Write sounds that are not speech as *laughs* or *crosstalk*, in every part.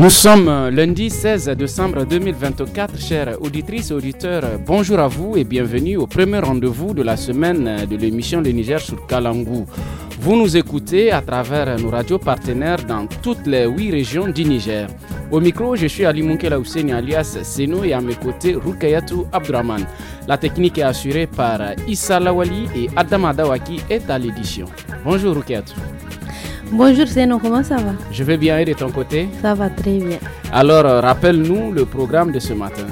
Nous sommes euh, lundi 16 décembre 2024, chères auditrices, auditeurs, bonjour à vous et bienvenue au premier rendez-vous de la semaine euh, de l'émission Le Niger sur Kalangou. Vous nous écoutez à travers nos radios partenaires dans toutes les huit régions du Niger. Au micro, je suis Ali Munkela alias Seno et à mes côtés Rukayatou Abdraman. La technique est assurée par euh, Issa Lawali et Adam Adawaki est à l'édition. Bonjour Rukayatou. Bonjour Seno, comment ça va Je vais bien et de ton côté Ça va très bien. Alors, euh, rappelle-nous le programme de ce matin.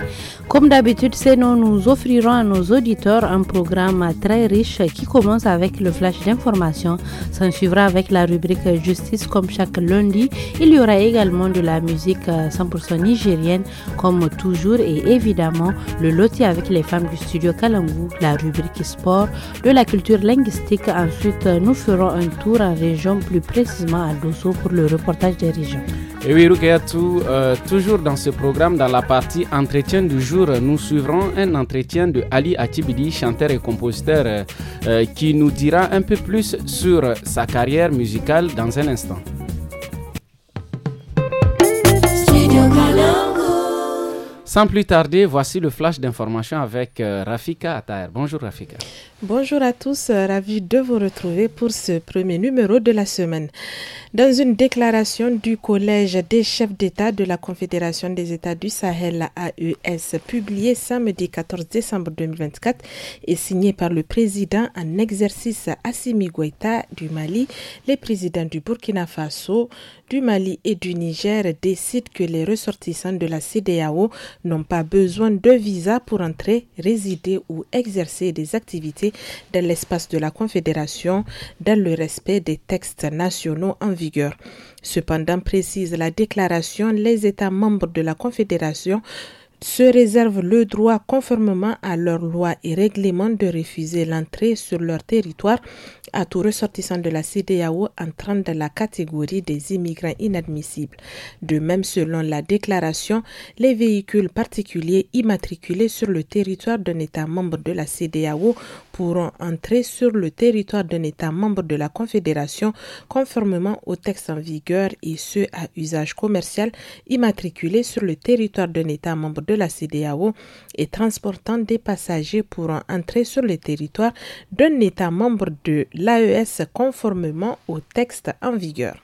Comme d'habitude, Seno, nous offrirons à nos auditeurs un programme très riche qui commence avec le flash d'information, s'en suivra avec la rubrique justice comme chaque lundi. Il y aura également de la musique 100% euh, nigérienne comme toujours et évidemment le loti avec les femmes du studio Kalangu, la rubrique sport, de la culture linguistique. Ensuite, nous ferons un tour en région plus précise à pour le reportage des régions. Et oui, Rukayatou, euh, toujours dans ce programme, dans la partie entretien du jour, nous suivrons un entretien de Ali Atibidi, chanteur et compositeur, euh, euh, qui nous dira un peu plus sur sa carrière musicale dans un instant. Sans plus tarder, voici le flash d'information avec euh, Rafika Attaher. Bonjour Rafika. Bonjour à tous, euh, ravi de vous retrouver pour ce premier numéro de la semaine. Dans une déclaration du Collège des chefs d'État de la Confédération des États du Sahel AES, publiée samedi 14 décembre 2024 et signée par le président en exercice Assimi Goïta du Mali, les présidents du Burkina Faso, du Mali et du Niger décident que les ressortissants de la CDAO n'ont pas besoin de visa pour entrer, résider ou exercer des activités dans l'espace de la Confédération dans le respect des textes nationaux en vigueur. Cependant, précise la déclaration, les États membres de la Confédération se réservent le droit, conformément à leurs lois et règlements, de refuser l'entrée sur leur territoire à tout ressortissant de la CDAO entrant dans la catégorie des immigrants inadmissibles. De même, selon la déclaration, les véhicules particuliers immatriculés sur le territoire d'un État membre de la CDAO pourront entrer sur le territoire d'un État membre de la Confédération conformément aux textes en vigueur et ceux à usage commercial immatriculés sur le territoire d'un État membre de la CDAO et transportant des passagers pour entrer sur le territoire d'un État membre de l'AES conformément au texte en vigueur.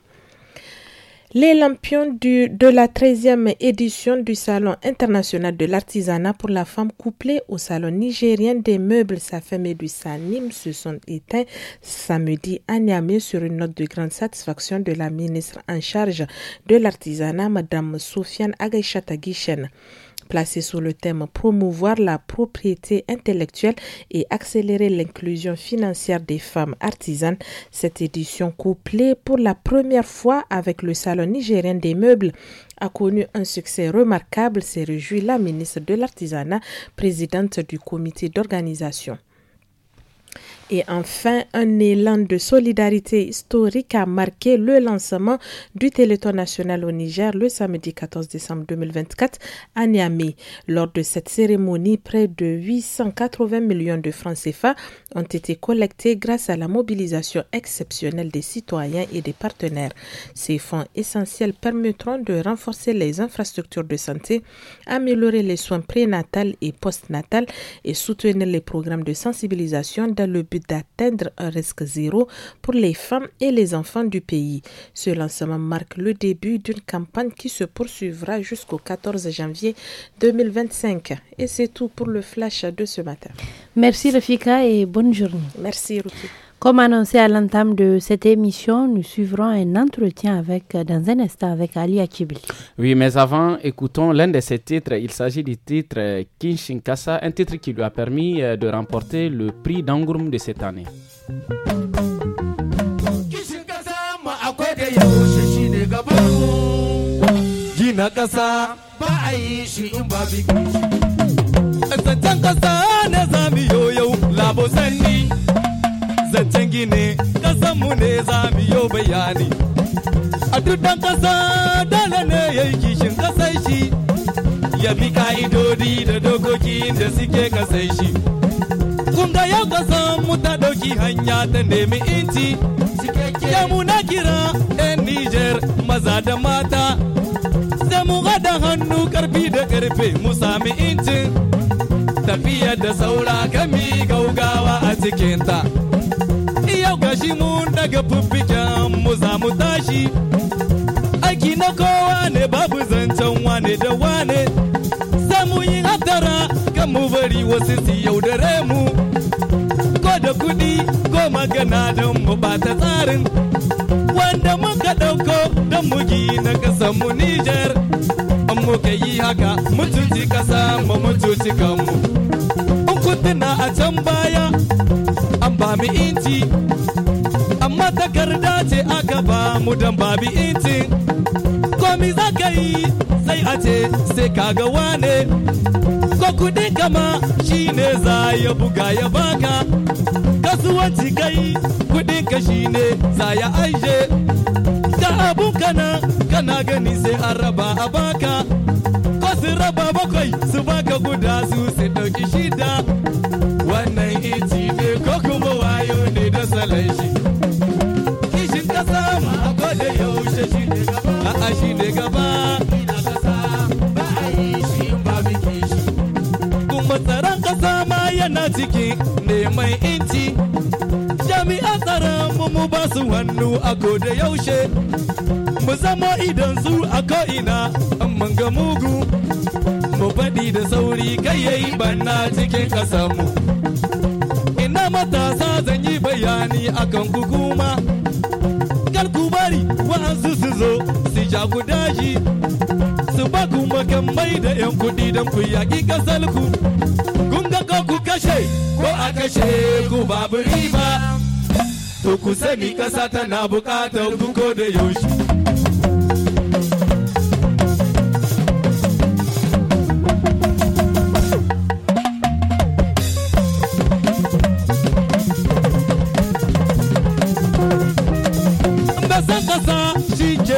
Les lampions du, de la 13e édition du Salon international de l'artisanat pour la femme couplée au Salon nigérien des meubles Safem et du Sanim se sont éteints samedi à Niamey sur une note de grande satisfaction de la ministre en charge de l'artisanat, Madame Soufiane Agaïchata Placée sur le thème promouvoir la propriété intellectuelle et accélérer l'inclusion financière des femmes artisanes. Cette édition couplée pour la première fois avec le Salon nigérien des meubles a connu un succès remarquable, s'est réjouie la ministre de l'Artisanat, présidente du comité d'organisation. Et enfin, un élan de solidarité historique a marqué le lancement du Téléthon national au Niger le samedi 14 décembre 2024 à Niamey. Lors de cette cérémonie, près de 880 millions de francs CFA ont été collectés grâce à la mobilisation exceptionnelle des citoyens et des partenaires. Ces fonds essentiels permettront de renforcer les infrastructures de santé, améliorer les soins prénatales et postnatales et soutenir les programmes de sensibilisation dans le d'atteindre un risque zéro pour les femmes et les enfants du pays. Ce lancement marque le début d'une campagne qui se poursuivra jusqu'au 14 janvier 2025. Et c'est tout pour le flash de ce matin. Merci Rafika et bonne journée. Merci Ruki. Comme annoncé à l'entame de cette émission, nous suivrons un entretien avec, euh, dans un instant avec Ali Akibli. Oui, mais avant, écoutons l'un de ses titres. Il s'agit du titre euh, Kinshinkasa, un titre qui lui a permis euh, de remporter le prix d'Angourm de cette année. zancen gini kasanmu ne za mu yi bayani a duk ƙasa kasa dole ne ya yi kishin kasai shi ya bi ka'idodi da dokoki da suke kasai shi kun ga yau kasan mu ta dauki hanya ta nemi inci ya mu na kira 'yan niger maza da mata sai mu haɗa hannu karfi da karfe mu sami incin tafiyar da saura gami gaugawa a cikinta. tashi mu daga fuffiken mu za mu tashi aiki na kowa ne babu zancen wane da wane sai mu yi hatara kan mu bari wasu su yaudare mu ko da kudi ko magana don mu bata tsarin wanda muka dauko don mu na kasan mu Nijar an muka yi haka mutunci kasa mu mutunci kanmu in a can baya an ba mu inci takarda ce aka ba mu dan babi intin komi za ka yi sai a ce sai kaga wane ko kuɗi kama shi ne za ya buga ya baka kasuwanci kai kuɗi ka shi ne za ya aishe da abun kana kana gani sai an raba a baka ko su raba bakwai su baka guda su sai ɗauki shida wannan iti ne ko kuma wayo ne da salon a shi ne gaba ina kasa ba yi shi ba biki shi kuma tsaron ƙasa ma yana ciki neman inci jami'an tsaron mu mu ba hannu a da yaushe mu zama idan su a ko'ina mun ga mugu mu faɗi da sauri kai yayi bana cikin mu ina matasa zan yi bayani akan hukuma kar ku bari wa'ansu su zo abu daji su ba ku mai da 'yan kuɗi don ku yaƙi ƙasarku ku kun ga ku kashe ko a kashe ku babu riba to ku sani ƙasa tana buƙatar ku ko da yaushe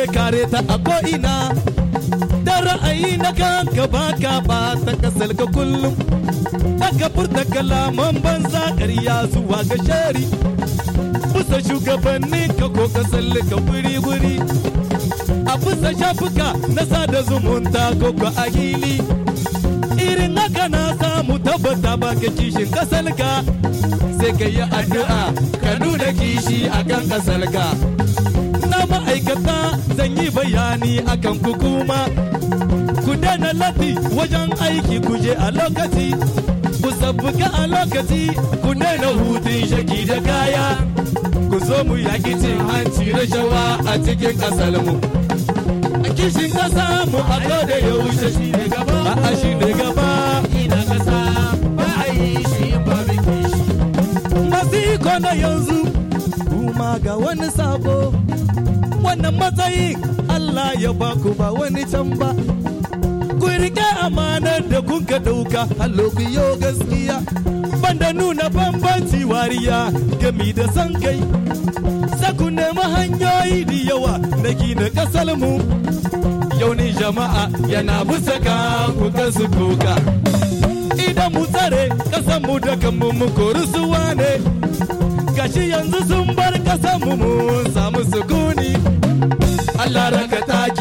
kareta kare ta a ko'ina da ra'ayi na kan gaba ka ta kasal ka kullum daga furta kalaman banza ƙarya zuwa ga shari busa shugabannin ka ko kasal ka wuri-wuri a busa shafuka na sada zumunta ko ka a hili irin haka na samu tabbata ba ka kishin kasal ka sai ka yi addu'a ka nuna kishi a kan kasal ka na ma'aikata zan yi bayani akan ku kuma ku daina latti wajen aiki ku je a lokaci ku sabbuka a lokaci ku daina hutun shaki da kaya ku zo mu yaki cin hanci rashawa a cikin kasar mu. a kishin ƙasa mu a zo da yaushe shi ne gaba a shi ne gaba ina kasa ba a yi shi ba biki shi masu iko na yanzu kuma ga wani sabo wannan matsayi Allah ya baku ba wani can ba ku rike amanar da kun ka dauka hallo gaskiya banda nuna bambanci wariya gami da san kai ku nema hanyoyi da yawa na gina kasar mu yau ne jama'a yana busa ka ku kasu koka idan mu tsare kasan mu da kanmu mu suwa ne gashi yanzu sun bar ƙasar mu mu samu sukuni Allah raka ta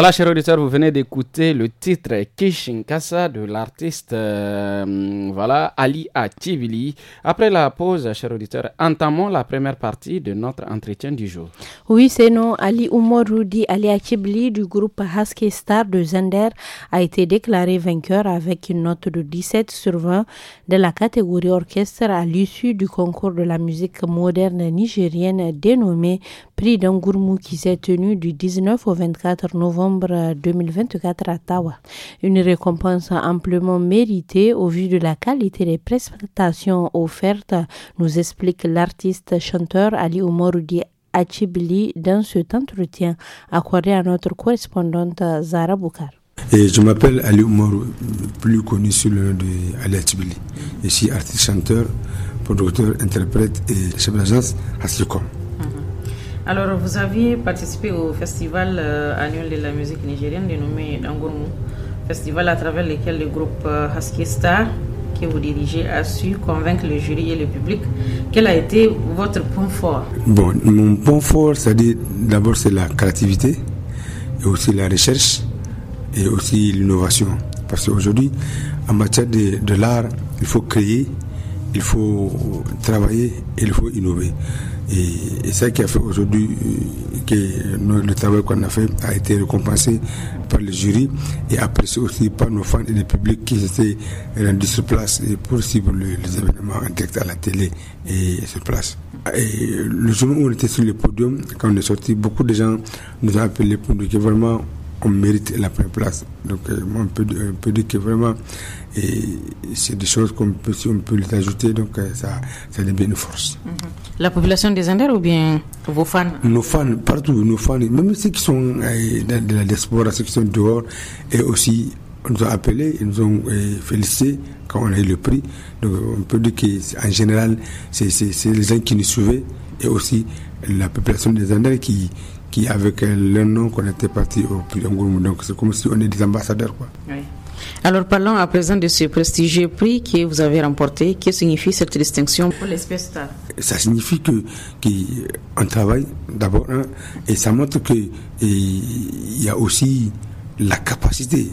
Voilà, chers auditeurs, vous venez d'écouter le titre Kishinkasa de l'artiste euh, voilà, Ali Atibili. Après la pause, chers auditeurs, entamons la première partie de notre entretien du jour. Oui, c'est non. Ali Oumaroudi Ali Atibili du groupe Husky Star de Zender a été déclaré vainqueur avec une note de 17 sur 20 de la catégorie orchestre à l'issue du concours de la musique moderne nigérienne dénommé Prix d'Angourmou qui s'est tenu du 19 au 24 novembre novembre 2024 à Tawa. Une récompense amplement méritée au vu de la qualité des prestations offertes, nous explique l'artiste chanteur Ali Omaroudi Achibili dans cet entretien accordé à notre correspondante Zara Boukar. Et je m'appelle Ali Omar, plus connu sous le nom de Ali Je suis artiste chanteur, producteur, interprète et chef d'agence alors, vous aviez participé au festival euh, annuel de la musique nigérienne dénommé Dangourmou, festival à travers lequel le groupe euh, Star, que vous dirigez, a su convaincre le jury et le public. Quel a été votre point fort Bon, mon point fort, cest d'abord c'est la créativité, et aussi la recherche, et aussi l'innovation. Parce qu'aujourd'hui, en matière de, de l'art, il faut créer, il faut travailler, et il faut innover. Et, c'est ça qui a fait aujourd'hui euh, que le travail qu'on a fait a été récompensé par le jury et apprécié aussi par nos fans et le public qui s'étaient rendus sur place pour suivre les événements en direct à la télé et sur place. Et le jour où on était sur le podium, quand on est sorti, beaucoup de gens nous ont appelé pour dire que vraiment on mérite la première place. Donc euh, on peut, on dire que vraiment, c'est des choses qu'on peut, si on peut les ajouter, donc euh, ça, ça devient une force. Mhm. La population des Anders ou bien vos fans Nos fans, partout, nos fans, même ceux qui sont euh, dans de la diaspora, ceux qui sont dehors, et aussi on nous a appelés, ils nous ont félicités quand on a eu le prix. Donc on peut dire qu'en général, c'est les gens qui nous suivaient et aussi la population des Anders qui, qui, avec le nom, qu'on était parti au Ngouroumou. Donc, c'est comme si on était des ambassadeurs. Quoi. Alors parlons à présent de ce prestigieux prix que vous avez remporté. Que signifie cette distinction pour l'espèce star Ça signifie que qu'on travaille d'abord hein, et ça montre qu'il y a aussi la capacité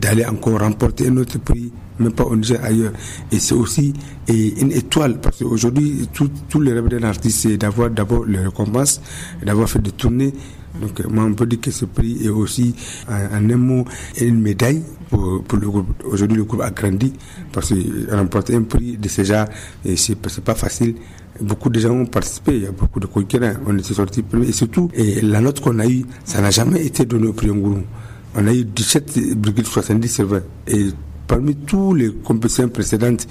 d'aller encore remporter un autre prix même pas au Niger, ailleurs. Et c'est aussi et une étoile, parce qu'aujourd'hui, tout, tout le rêve d'un artiste, c'est d'avoir d'abord les récompenses, d'avoir fait des tournées. Donc, moi, on peut dire que ce prix est aussi, en, un, mot, une médaille pour, pour le groupe. Aujourd'hui, le groupe a grandi, parce qu'il remporte un prix de ce genre, et c'est pas facile beaucoup de gens ont participé, il y a beaucoup de concurrents, on était sortis premiers, et surtout, et la note qu'on a eue, ça n'a jamais été donné au prix groupe, On a eu 17,70 sur 20, et parmi tous les compétitions précédentes,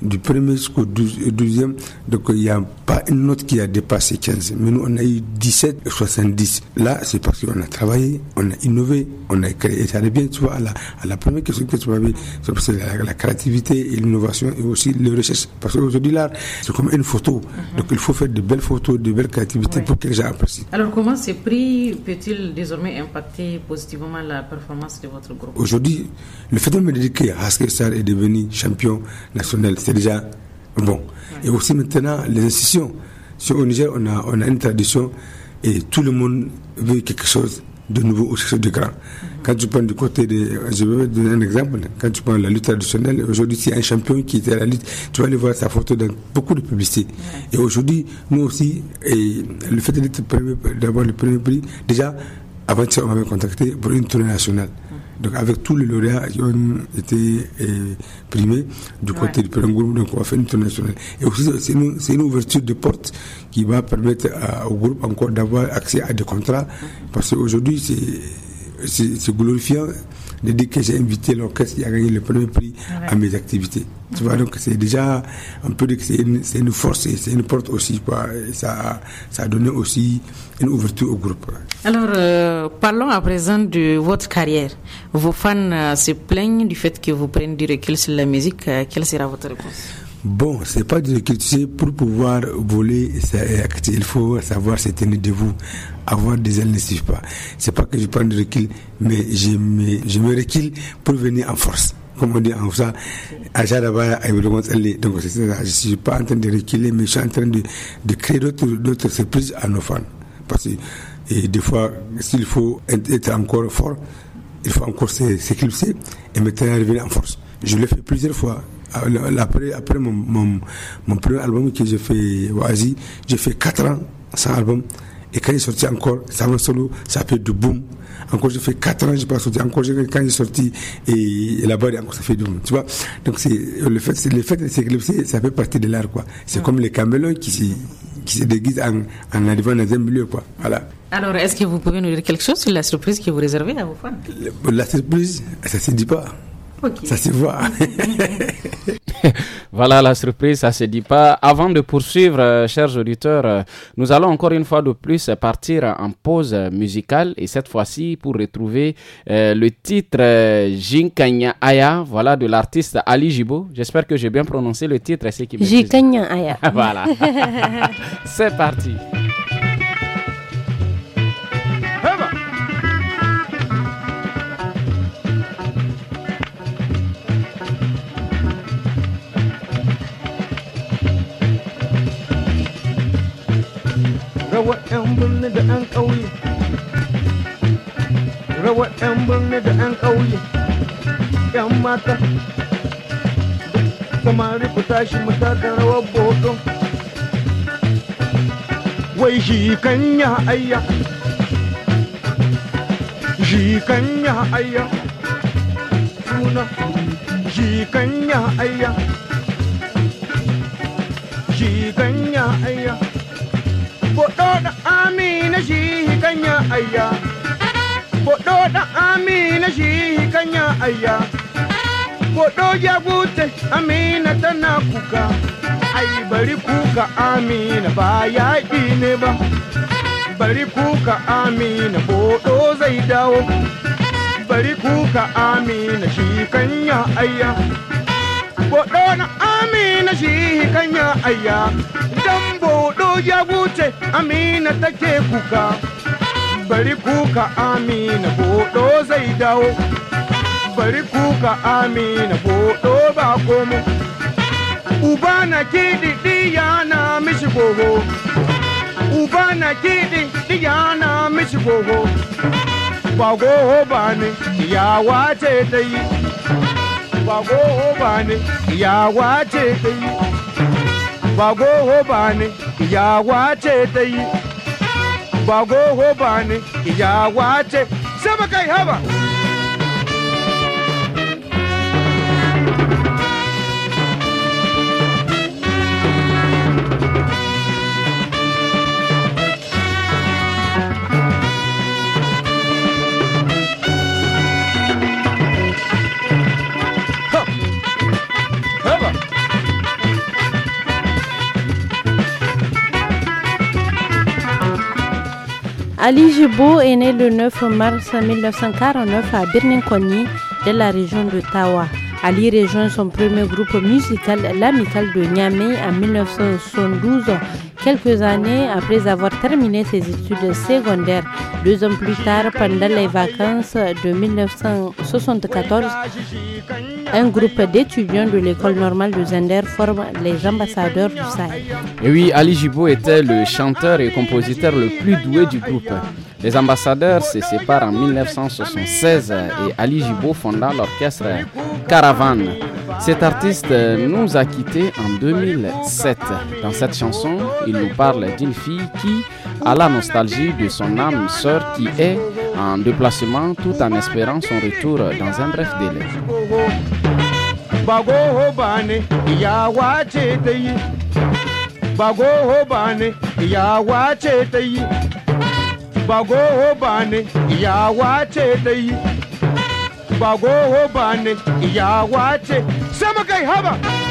du premier jusqu'au 12e, euh, donc il n'y a pas une note qui a dépassé 15. Mais nous, on a eu 17 70. Là, c'est parce qu'on a travaillé, on a innové, on a créé. Et ça bien, tu vois, à la, première question que tu m'avais, c'est la, créativité et l'innovation et aussi les recherches. Parce qu'aujourd'hui, l'art, c'est comme une photo. Mhm. Donc il faut faire de belles photos, de belles créativités pour que les gens apprécient. Alors, comment ces prix peut-il désormais impacter positivement la performance de votre groupe Aujourd'hui, le fait de me dédiquer que ça est devenu champion national. C'est déjà bon. Et aussi maintenant, les institutions. Sur au Niger, on a, une tradition et tout le monde veut quelque chose de nouveau ou quelque chose de grand. Mhm. Quand tu prends du côté de. Je vais donner un exemple. Quand tu prends la lutte traditionnelle, aujourd'hui, si un champion qui était à la lutte. Tu vas aller voir sa photo dans beaucoup de publicités. Et aujourd'hui, nous aussi, le fait d'avoir le premier prix, déjà, avant ça, on m'avait contacté pour une tournée nationale. Donc avec tous les lauréats qui ont été euh, primés du côté du premier groupe, donc au international. Et aussi, c'est une, ouverture de porte qui va permettre au groupe encore d'avoir accès à des contrats, parce qu'aujourd'hui, c'est glorifiant Dès que j'ai invité l'orchestre qui a gagné le premier prix ah à mes activités. Tu vois, donc c'est déjà, on peut dire que c'est une, force et c'est une porte aussi. ça, ça a donné aussi une ouverture au groupe. Alors, euh, parlons à présent de votre carrière. Vos fans euh, se plaignent du fait que vous prenez du recul sur la musique. Euh, quelle sera votre réponse Bon, c'est pas de sais pour pouvoir voler Il faut savoir s'éteindre de vous Avoir des ailes ne suffit pas. C'est pas que je prends du recul, mais je me, je me recule pour venir en force. Comme on dit en ça, à Jarabaya, Donc, c'est ça. Je suis pas en train de reculer, mais je suis en train de, de créer d'autres surprises à nos fans. Parce que, et des fois, s'il faut être encore fort, il faut encore s'éclipser et maintenant revenir en force. Je l'ai fait plusieurs fois. Euh, après, après mon, premier album que j'ai fait au Asie, j'ai fait 4 ans sans album. Et quand il est sorti encore, ça solo, ça fait du boom. Encore, j'ai fait 4 ans, je pas sorti. Encore, quand il est sorti, et, là-bas, encore, ça fait du boom. Tu vois? Donc, le fait, c'est, le fait de s'éclipser, ça fait partie de l'art, quoi. C'est comme les camélons qui se, qui se déguisent en, arrivant dans un milieu, quoi. Voilà. Alors, est-ce que vous pouvez nous dire quelque chose sur la surprise que vous réservez à vos fans? La, surprise, ça se dit pas. Ça se voit. *laughs* voilà la surprise, ça se dit pas. Avant de poursuivre, euh, chers auditeurs, euh, nous allons encore une fois de plus partir en pause musicale et cette fois-ci pour retrouver euh, le titre Jinkanya Aya, voilà de l'artiste Ali Jibo. J'espère que j'ai bien prononcé le titre, c'est qui Jinkanya Aya. *laughs* voilà. *laughs* c'est parti. Rawa 'yan birni da 'yan ƙauye rawar 'yan birni da 'yan ƙauye ƴan mata samari ku tashi mu taka rawar boton wai shi kan ya ayya shi kan ya ayya suna shi kan ya ayya shi kan ya ayya boɗo da amina shi kanya aya. boɗo da amina shi kanya aya. Bodo ya gute amina tana kuka ai bari kuka amina ba yaƙi ne ba bari kuka amina bodo zai dawo bari kuka amina shi kanya aya. boɗo na amina shi kanya ayya ya wuce amina take kuka bari kuka amina bodo zai dawo bari kuka amina bodo ba komo uba na kidi diya na mishi goho uba na kidi diya na mishi goho ba goho ba ne ya wace ta yi ba goho ba ne ya wace ta yi ba goho ba ne Ya ce dai? yi ba goho ba ne iyawa ce sai kai haba Ali Jibo est né le 9 mars 1949 à Birninkoni, de la région de Tawa. Ali rejoint son premier groupe musical, l'Amical de Niamey, en 1972 Quelques années après avoir terminé ses études secondaires, deux ans plus tard, pendant les vacances de 1974, un groupe d'étudiants de l'école normale de Zender forme les ambassadeurs du Sahel. Et oui, Ali Jibo était le chanteur et compositeur le plus doué du groupe. Les ambassadeurs se séparent en 1976 et Ali Jibo fonda l'orchestre Caravane. Cet artiste nous a quittés en 2007. Dans cette chanson, il nous parle d'une fille qui a la nostalgie de son âme sœur qui est en déplacement tout en espérant son retour dans un bref délai. ya ba goho ya ne iyawa ce dai ba goho ba ne iyawa ce kai haba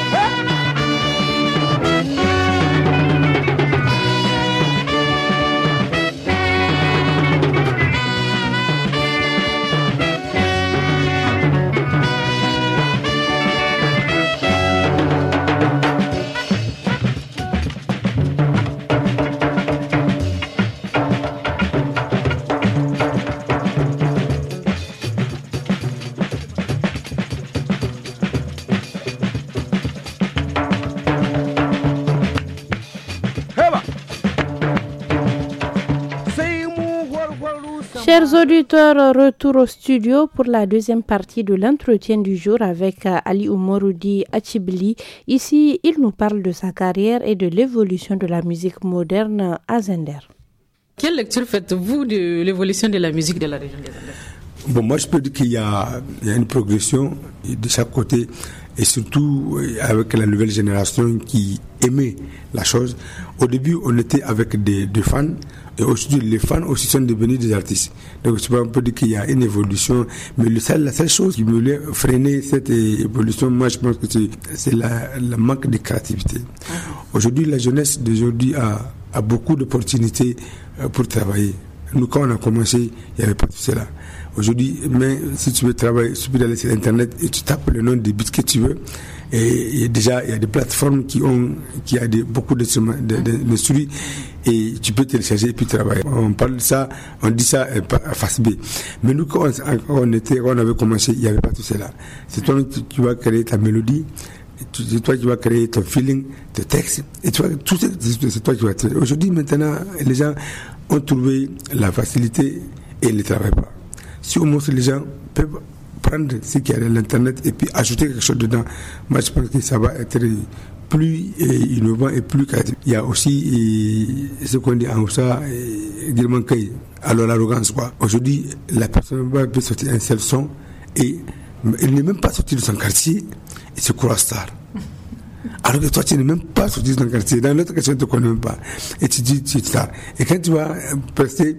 Chers auditeurs, retour au studio pour la deuxième partie de l'entretien du jour avec euh, Ali Oumaroudi Achibli. Ici, il nous parle de sa carrière et de l'évolution de la musique moderne à Zender. Quelle lecture faites-vous de l'évolution de la musique de la région de Zender Bon, moi je peux dire qu'il y, a une progression de chaque côté et surtout euh, avec la nouvelle génération qui aimait la chose. Au début, on était avec des, des fans et aujourd'hui, les fans aussi sont devenus des artistes. Donc, je peux dire qu'il y a une évolution. Mais le seul, la seule chose qui voulait freiner cette évolution, moi, je pense que c'est le manque de créativité. Ah. Aujourd'hui, la jeunesse d'aujourd'hui a, beaucoup d'opportunités euh, pour travailler. Nous, quand on a commencé, il n'y avait pas tout cela. Aujourd'hui, mais si tu veux travailler, tu peux aller sur Internet et tu tapes le nom des buts que tu veux. Et, déjà, il y a des plateformes qui ont, qui a des, beaucoup de, de, de, et tu peux télécharger et puis travailler. On parle de ça, on dit ça euh, à face B. Mais nous, quand on, était, on avait commencé, il n'y avait pas tout cela. C'est toi qui vas créer ta mélodie, c'est toi qui vas créer ton feeling, tes texte et toi, tout c'est toi qui vas Aujourd'hui, maintenant, les gens ont trouvé la facilité et ne travaillent pas. Si au moins les gens peuvent prendre ce qu'il y a l'Internet et puis ajouter quelque chose dedans. Moi, je pense que ça va être plus eh, innovant et plus Il y a aussi eh, ce qu'on dit en Oussa, eh, alors l'arrogance. quoi. Aujourd'hui, la personne va sortir un seul son et il n'est même pas sorti de son quartier et se croit star alors que toi tu n'es même pas sorti dans le quartier, dans l'autre quartier on ne te connaît même pas, et tu dis tu es tard. Et quand tu vas passer, euh,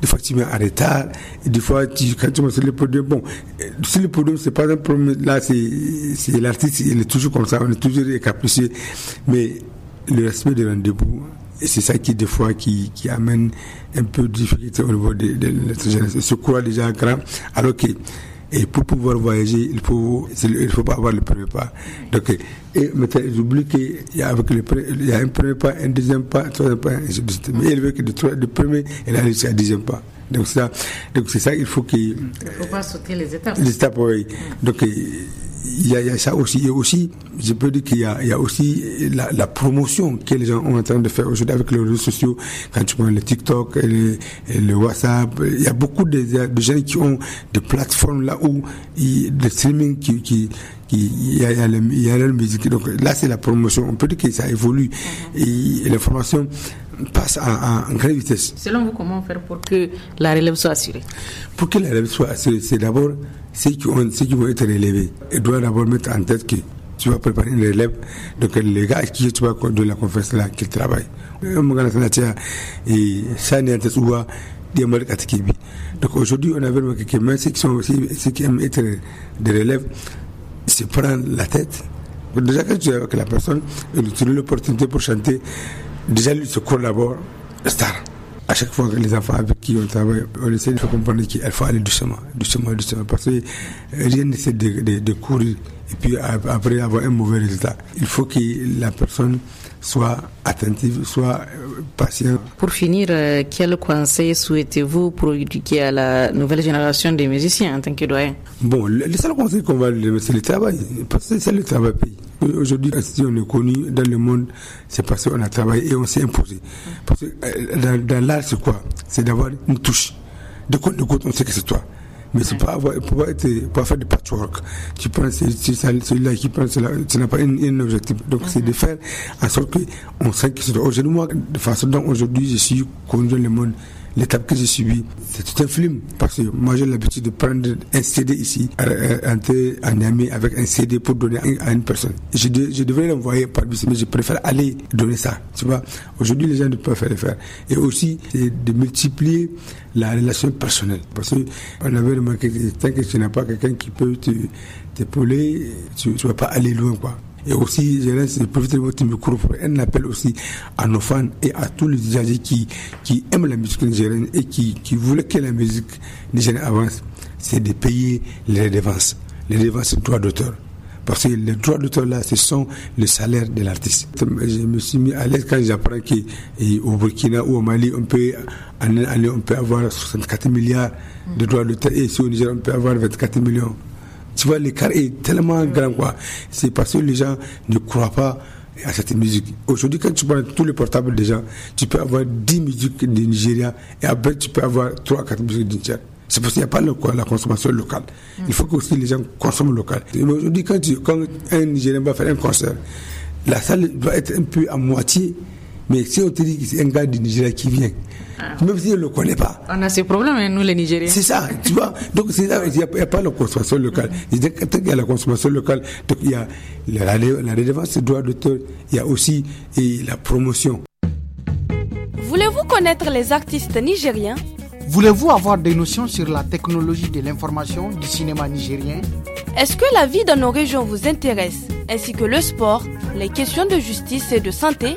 des fois tu mets à retard, et des fois tu, quand tu vas sur le podium, bon, euh, sur le podium ce n'est pas un problème, là c'est l'artiste, il est toujours comme ça, on est toujours capricieux, mais le respect de rendez-vous, c'est ça qui, des fois, qui, amène un peu de difficulté au niveau de, notre jeunesse de ce courage déjà grave alors que et pour pouvoir voyager, il faut, il faut pas avoir le premier pas. Donc, et, mais j'oublie qu'il y a avec le, il y a un premier pas, un deuxième pas, un troisième pas, Mais il veut que le premier, il arrive à un deuxième pas. Donc ça, donc c'est ça, il faut qu'il. Il faut pas sauter les étapes. Les étapes, oui. Donc il y, a, ça aussi. Et aussi, je peux dire qu'il y, a, aussi la, promotion que les gens ont en train de faire aujourd'hui avec les réseaux sociaux. Quand tu prends le TikTok, le, WhatsApp, il y a beaucoup de, gens qui ont des plateformes là où il, le streaming qui, qui il y a, la musique. Donc là, c'est la promotion. On peut dire que ça évolue. Et l'information, passe en, grande vitesse. Selon vous, comment faire pour que la relève soit assurée Pour que la relève soit assurée, c'est d'abord ceux qui, vont être relevés. Ils doivent d'abord mettre en tête que tu vas préparer une relève, donc les gars qui tu vas de la conférence là, qui travaillent. Donc aujourd'hui, on a vu que même ceux qui, sont, ceux qui aiment être des relèves se prennent la tête. Déjà, quand tu es que la personne, tu as l'opportunité pour chanter Déjà, ils se collaborent, star. À chaque fois que les enfants avec qui on travaille, on essaie de comprendre qu'il faut aller doucement, doucement, doucement, parce que rien ne sert de, courir et puis après avoir un mauvais résultat. Il faut que la personne soit attentive, soit euh, patiente. Pour finir, euh, quel conseil souhaitez-vous pour éduquer à la nouvelle génération de musiciens en tant que doyen Bon, le seul conseil qu'on va lui donner, c'est le travail, parce que c'est le travail pays. Aujourd'hui, si on est connu dans le monde, c'est parce qu'on a travaillé et on s'est imposé. Parce que euh, dans, l'art, c'est quoi C'est d'avoir une touche. De côté de côté, on sait que c'est toi. Mais c'est pas avoir, pour être, pour faire du patchwork. Tu prends celui-là qui prend cela, tu n'as pas un, objectif. Donc, c'est de mhm. faire en sorte qu'on sait que c'est toi. Aujourd'hui, moi, de façon dont aujourd'hui je suis connu dans le monde, l'étape que j'ai subie, c'est tout un film. Parce que moi, j'ai l'habitude de prendre un CD ici, entrer en ami avec un CD pour donner à une personne. Je, devrais l'envoyer par bus, mais je préfère aller donner ça. Tu vois, aujourd'hui, les gens ne peuvent pas le faire. Et aussi, c'est de multiplier la relation personnelle. Parce qu'on avait remarqué que tant que tu n'as pas quelqu'un qui peut t'épauler, tu ne vas pas aller loin, quoi. Et aussi, je laisse profiter de votre micro pour un appel aussi à nos fans et à tous les usagers qui, qui aiment la musique nigérienne et qui, qui voulaient que la musique nigérienne avance, c'est de payer les redevances, les redevances droit d'auteur parce que les droits d'auteur là, ce sont le salaire de l'artiste. Je me suis mis à l'aise quand j'apprends qu'au eh, Burkina ou au Mali, on peut, on peut avoir 64 milliards de droits d'auteur et ici au Niger, on peut avoir 24 millions. Tu vois, l'écart est tellement grand, quoi. C'est parce que les gens ne croient pas à cette musique. Aujourd'hui, quand tu prends tous les portables des gens, tu peux avoir 10 musiques du Nigeria et après, tu peux avoir 3-4 musiques du C'est parce qu'il n'y a pas le, quoi, la consommation locale. Mm. Il faut que aussi les gens consomment local. Aujourd'hui, quand, quand un Nigérien va faire un concert, la salle doit être un peu à moitié mais si on te dit c'est un gars du Nigeria qui vient, ah. même si on ne le connaît pas. On a ces problèmes, hein, nous les Nigériens. C'est ça, tu vois. Donc il n'y a, pas la consommation locale. Mm. Il y a la consommation locale, donc il y a la, rédévance des droit d'auteur, il y a aussi la promotion. Voulez-vous connaître les artistes nigériens Voulez-vous avoir des notions sur la technologie de l'information du cinéma nigérien Est-ce que la vie dans nos régions vous intéresse, ainsi que le sport, les questions de justice et de santé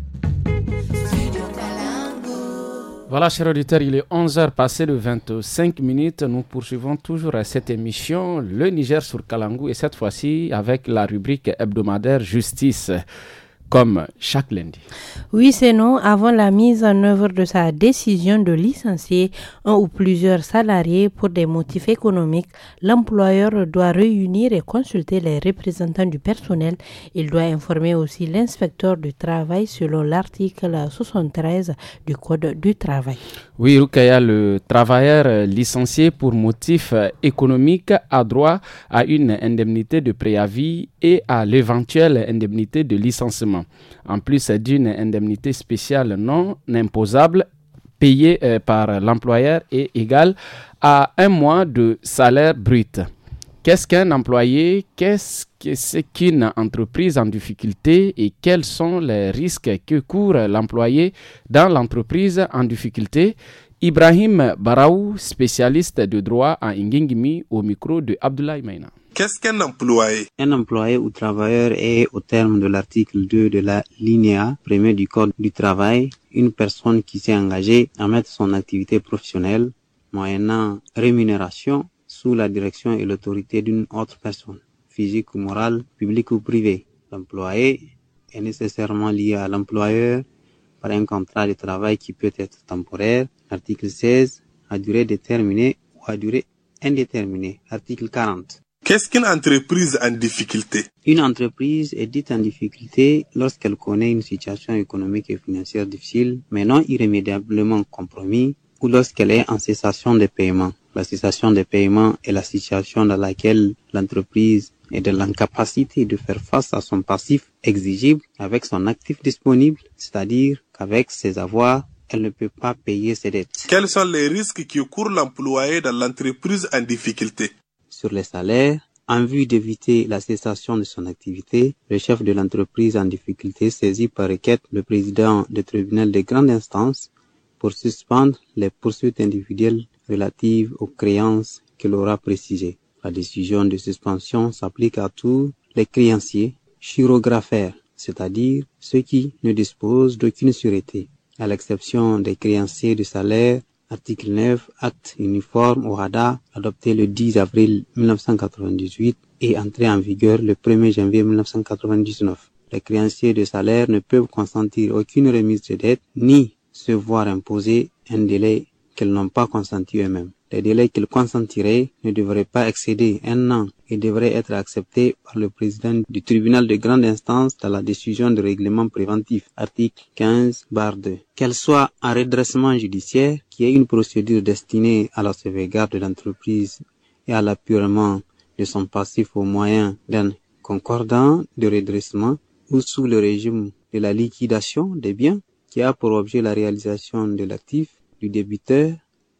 Voilà, chers auditeurs, il est 11h passé de 25 minutes. Nous poursuivons toujours cette émission, le Niger sur Kalangou, et cette fois-ci avec la rubrique hebdomadaire Justice comme chaque lundi. Oui, c'est non. Avant la mise en œuvre de sa décision de licencier un ou plusieurs salariés pour des motifs économiques, l'employeur doit réunir et consulter les représentants du personnel. Il doit informer aussi l'inspecteur du travail selon l'article 73 du Code du travail. Oui, le travailleur euh, licencié pour motif euh, économique a droit à une indemnité de préavis et à l'éventuelle indemnité de licenciement, en plus d'une indemnité spéciale non imposable payée euh, par l'employeur et égale à un mois de salaire brut. Qu'est-ce qu'un employé Qu'est-ce que c'est qu'une entreprise en difficulté et quels sont les risques que court l'employé dans l'entreprise en difficulté Ibrahim Baraou, spécialiste de droit à Ingingimi, au micro de Abdoulaye Maina. Qu'est-ce qu'un employé Un employé ou travailleur est, au terme de l'article 2 de la linéa premier du Code du travail, une personne qui s'est engagée à mettre son activité professionnelle moyennant rémunération sous la direction et l'autorité d'une autre personne, physique ou morale, publique ou privée. L'employé est nécessairement lié à l'employeur par un contrat de travail qui peut être temporaire. Article 16, à durée déterminée ou à durée indéterminée. Article 40. Qu'est-ce qu'une entreprise en difficulté Une entreprise est dite en difficulté lorsqu'elle connaît une situation économique et financière difficile, mais non irrémédiablement compromise, ou lorsqu'elle est en cessation de paiement la cessation des paiements est la situation dans laquelle l'entreprise est de l'incapacité de faire face à son passif exigible avec son actif disponible, c'est-à-dire qu'avec ses avoirs, elle ne peut pas payer ses dettes. Quels sont les risques qui courent l'employé dans l'entreprise en difficulté Sur les salaires, en vue d'éviter la cessation de son activité, le chef de l'entreprise en difficulté saisit par requête le président du tribunal de grande instance pour suspendre les poursuites individuelles Relative aux créances qu'elle aura précisées. La décision de suspension s'applique à tous les créanciers chirographaires, c'est-à-dire ceux qui ne disposent d'aucune sûreté, à l'exception des créanciers de salaire, article 9, acte uniforme au radar adopté le 10 avril 1998 et entré en vigueur le 1er janvier 1999. Les créanciers de salaire ne peuvent consentir aucune remise de dette ni se voir imposer un délai qu'ils n'ont pas consenti eux-mêmes. Les délais qu'ils consentiraient ne devraient pas excéder un an et devraient être acceptés par le président du tribunal de grande instance dans la décision de règlement préventif. Article 15, barre 2. Qu'elle soit un redressement judiciaire, qui est une procédure destinée à la sauvegarde de l'entreprise et à l'appurement de son passif au moyen d'un concordant de redressement ou sous le régime de la liquidation des biens qui a pour objet la réalisation de l'actif du débiteur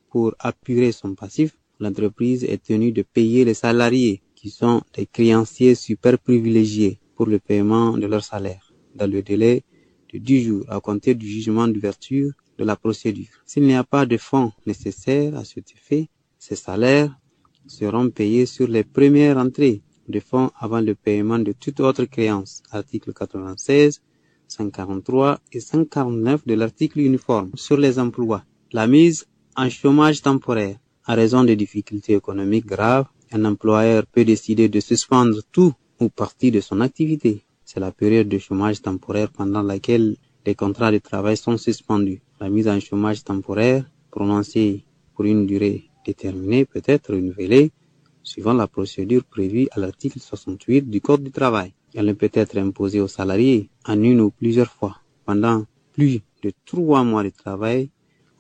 pour apurer son passif, l'entreprise est tenue de payer les salariés qui sont des créanciers super privilégiés pour le paiement de leur salaire dans le délai de 10 jours à compter du jugement d'ouverture de la procédure. S'il n'y a pas de fonds nécessaires à cet effet, ces salaires seront payés sur les premières entrées de fonds avant le paiement de toute autre créance. Article 96, 143 et 149 de l'article uniforme sur les emplois la mise en chômage temporaire en raison de difficultés économiques graves, un employeur peut décider de suspendre tout ou partie de son activité. C'est la période de chômage temporaire pendant laquelle les contrats de travail sont suspendus. La mise en chômage temporaire prononcée pour une durée déterminée peut être renouvelée suivant la procédure prévue à l'article 68 du Code du travail. Elle ne peut être imposée aux salariés en une ou plusieurs fois pendant plus de trois mois de travail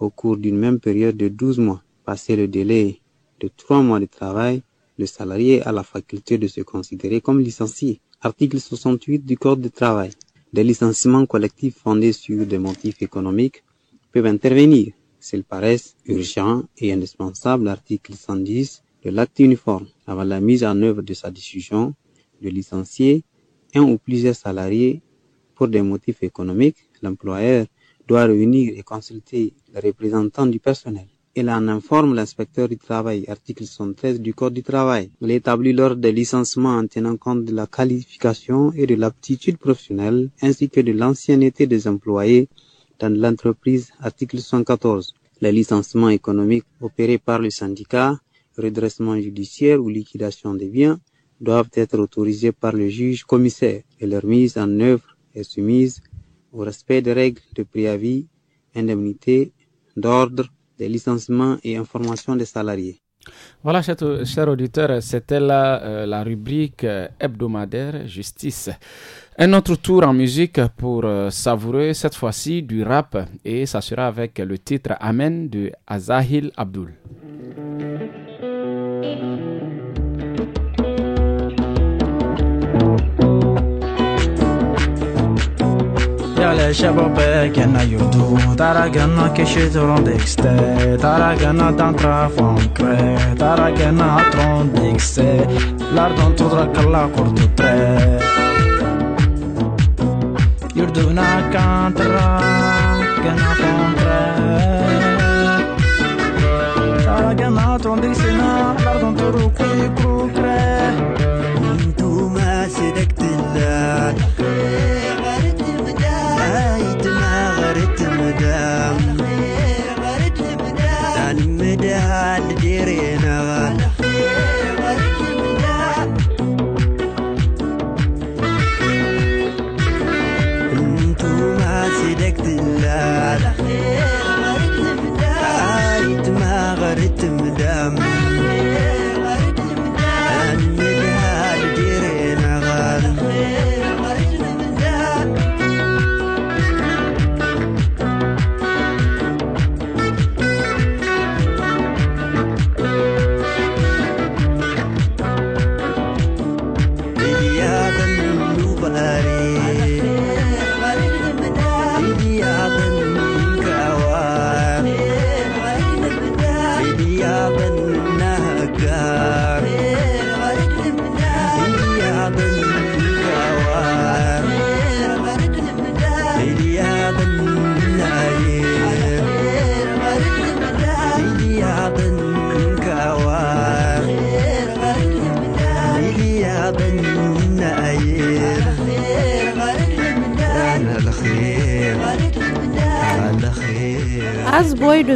au cours d'une même période de 12 mois. Passé le délai de trois mois de travail, le salarié a la faculté de se considérer comme licencié. Article 68 du Code du travail. Des licenciements collectifs fondés sur des motifs économiques peuvent intervenir s'ils paraissent urgents et indispensables. Article 110 de l'acte uniforme. Avant la mise en œuvre de sa décision de licencier un ou plusieurs salariés pour des motifs économiques, l'employeur doit réunir et consulter le représentant du personnel. Il en informe l'inspecteur du travail, article 113 du Code du travail. Il établit l'ordre des licenciements en tenant compte de la qualification et de l'aptitude professionnelle ainsi que de l'ancienneté des employés dans l'entreprise, article 114. Les licenciements économiques opérés par le syndicat, redressement judiciaire ou liquidation des biens doivent être autorisés par le juge commissaire et leur mise en œuvre est soumise au respect des règles de préavis, indemnité, d'ordre, des licenciements et information des salariés. Voilà, chers auditeurs, c'était euh, la rubrique euh, hebdomadaire Justice. Un autre tour en musique pour euh, savourer cette fois-ci du rap et ça sera avec le titre Amen de Azahil Abdul. yale shabope kena yudu Tara gana keshe zoron dekste Tara gana tantra fonkre Tara gana Lardon tudra kala tre Yurdu na kantra gana fonkre Tara gana na Lardon turu kuy kukre Untu masi dektiller Yurdu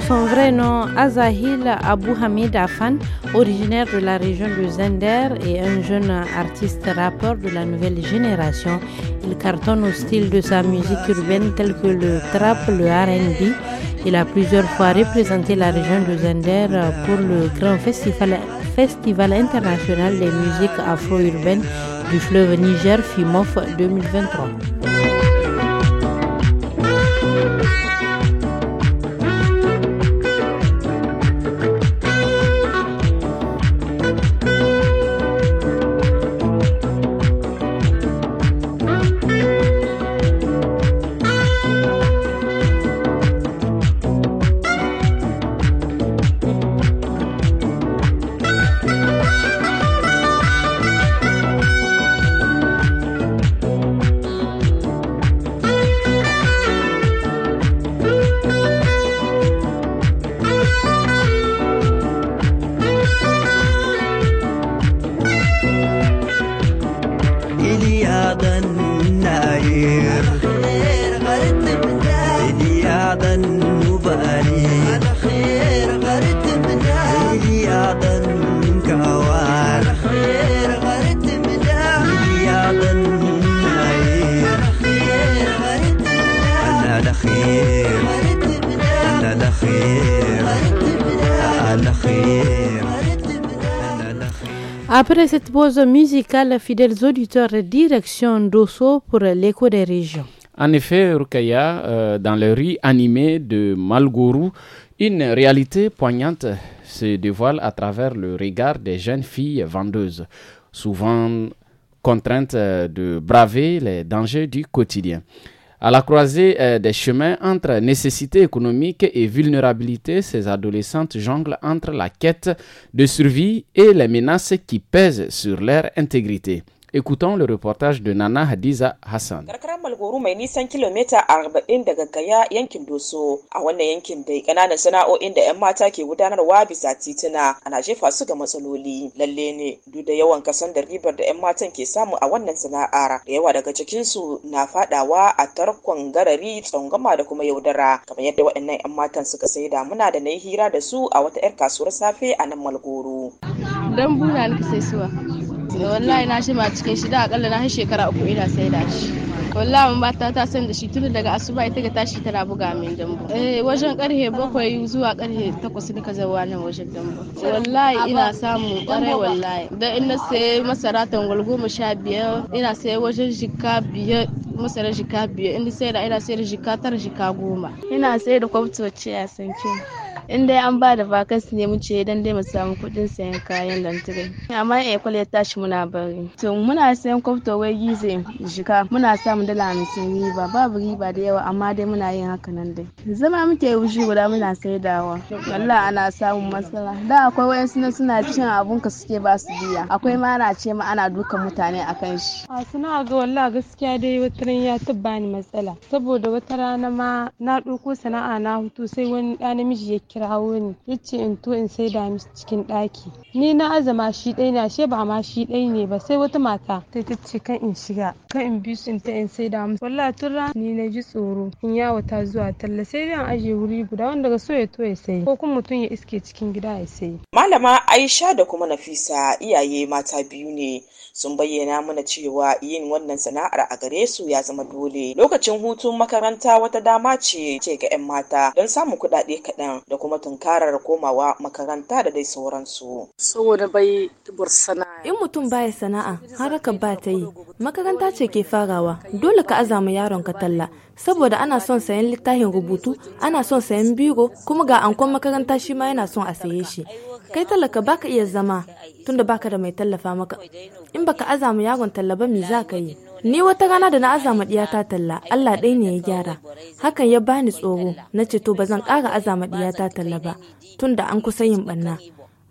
son vrai nom Azahil Abou Afan, originaire de la région de Zender et un jeune artiste rappeur de la nouvelle génération. Il cartonne au style de sa musique urbaine telle que le trap, le RB. Il a plusieurs fois représenté la région de Zender pour le grand festival, festival international des musiques afro-urbaines du fleuve Niger FIMOF 2023. Après cette pause musicale, fidèles auditeurs, direction d'Osso pour l'écho des régions. En effet, Rukaya, euh, dans le rues animé de Malgourou, une réalité poignante se dévoile à travers le regard des jeunes filles vendeuses, souvent contraintes de braver les dangers du quotidien. À la croisée euh, des chemins entre nécessité économique et vulnérabilité, ces adolescentes jonglent entre la quête de survie et les menaces qui pèsent sur leur intégrité. Écoutons le reportage de Nana Hadiza Hassan. Karkarar Malgoro mai nisan kilomita 40 daga Gaya yankin Doso. A wannan yankin dai kananan sana'o'in da 'yan mata ke gudanarwa bisa tituna ana jefa su ga matsaloli. Lalle ne duk da yawan kasan da ribar da 'yan matan ke samu a wannan sana'ar da yawa daga cikinsu na fadawa a tarkon garari tsangwama da kuma yaudara kamar yadda waɗannan 'yan matan suka sai muna da na hira da su a wata 'yar kasuwar safe a nan Malgoro. Dambu na nika sai suwa. wallahi na shima cikin shi da akalla na shekara uku ina sai da shi wallahi mun bata ta san da shi tun daga asuba ita ga tashi tana buga min dambu eh wajen karhe bakwai zuwa karhe takwas nika zawa nan wajen dambu wallahi ina samu kwarai wallahi Da in na sayi masara tangol goma sha biyar ina sayi wajen jika biyar masara jika biyar in sai da ina sai da jika tara jika goma ina sai da kwabtoci a sanke in dai an ba da su ne mu ce dan dai mu samu kuɗin sayan kayan lantarki amma in ekwal ya tashi muna bari to muna sayan kwafto wai gize jika muna samu dala hamsin riba babu riba da yawa amma dai muna yin haka nan dai zama muke wuce guda muna saidawa wallah ana samun matsala da akwai wayan na suna cin abun ka suke ba su biya akwai ma ana ce ma ana dukan mutane akan shi a suna ga wallahi gaskiya dai wata ran ya tabba ni matsala saboda wata rana ma na ɗauko sana'a na hutu sai wani ɗa namiji ya kirawo ni yace in to in saida mishi cikin ɗaki ni na azama shi ɗaya ne ashe ba ma shi ɗaya ne ba sai wata mata ta ta ce kan in shiga kan in bi su in ta in saida musu wallahi tun ran ni na ji tsoro in yawo ta zuwa talla sai dai ajiye wuri guda wanda ga so ya to ya sayi ko kuma mutum ya iske cikin gida ya sayi malama Aisha da kuma Nafisa iyaye mata biyu ne sun bayyana mana cewa yin wannan sana'ar a gare su ya zama dole lokacin hutun makaranta wata dama ce ce ga 'yan mata don samun kuɗaɗe kaɗan da kuma tunkarar komawa makaranta da dai sauransu in mutum baya sana'a haraka ba ta yi makaranta ce ke farawa dole ka azama yaron ka talla saboda ana son sayan littafin rubutu ana son sayan biro kuma ga ankon makaranta shi ma yana son a saye shi kai talaka baka iya zama tunda baka da mai tallafa maka in baka azama yaron talla ba me za ka yi ni wata rana da na azama diyata talla Allah ɗaya ne ya gyara hakan ya bani tsoro na ce to ba zan ƙara azama diyata talla ba tunda an kusa yin banna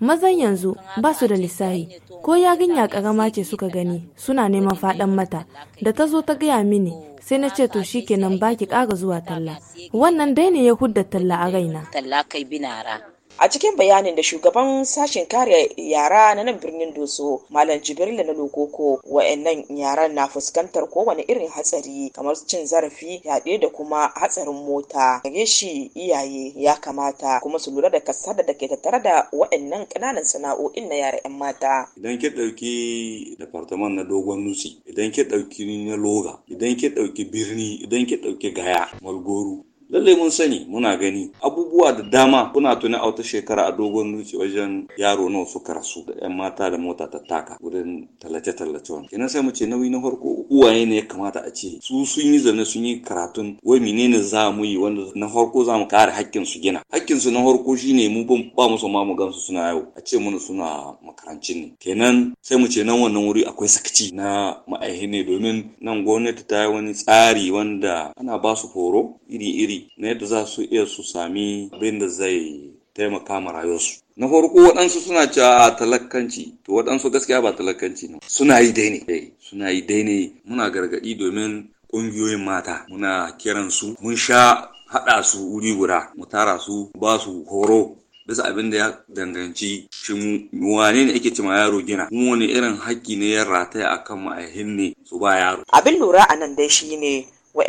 mazan yanzu ba su da lissahi ko ya yarinya karama ce suka gani suna neman faɗan mata da ta zo ta gaya mini sai na ce to shi kenan baki ƙara zuwa talla wannan dai ne ya hudda talla a raina talla kai binara a cikin bayanin da shugaban sashen kare yara na nan birnin doso malam jibril na lokoko wa'annan yaran na fuskantar kowane irin hatsari kamar cin zarafi yaɗe da kuma hatsarin mota gare shi iyaye ya kamata kuma su lura da kasar da ke tattare da wa'annan ƙananan sana'o'in na yara 'yan mata idan ki ɗauki departaman na dogon nutsi idan ki ɗauki na loga idan ki ɗauki birni idan ki ɗauki gaya Malgoro. Lallai mun sani muna gani abubuwa da dama kuna tuni a wata shekara a dogon nuci wajen yaro nawa suka rasu da yan mata da mota ta taka wurin tallace tallace wani kenan sai mu ce nauyi na farko uwaye ne ya kamata a ce su sun yi zane sun yi karatun wai menene za mu yi wanda na farko za mu kare hakkin su gina hakkin su na farko shine mu ban ba musu ma mu gamsu suna yau a ce mana suna makarancin ne kenan sai mu ce nan wannan wuri akwai sakaci na ma'aihi ne domin nan gwamnati ta yi wani tsari wanda ana ba su horo iri iri bi na yadda za su iya su sami abin da zai taimaka ma rayuwarsu na farko waɗansu suna cewa talakanci to waɗansu gaskiya ba talakanci ne suna yi dai eh, suna yi dai muna gargaɗi domin ƙungiyoyin mata muna kiran su mun sha haɗa su wuri guda mu tara su ba su horo bisa abin da ya danganci Shin wane ne ake cima yaro gina kuma wani irin haƙƙi ne ya rataya akan kan ma'ahin ne su ba yaro. Abin lura a nan dai shi ne Le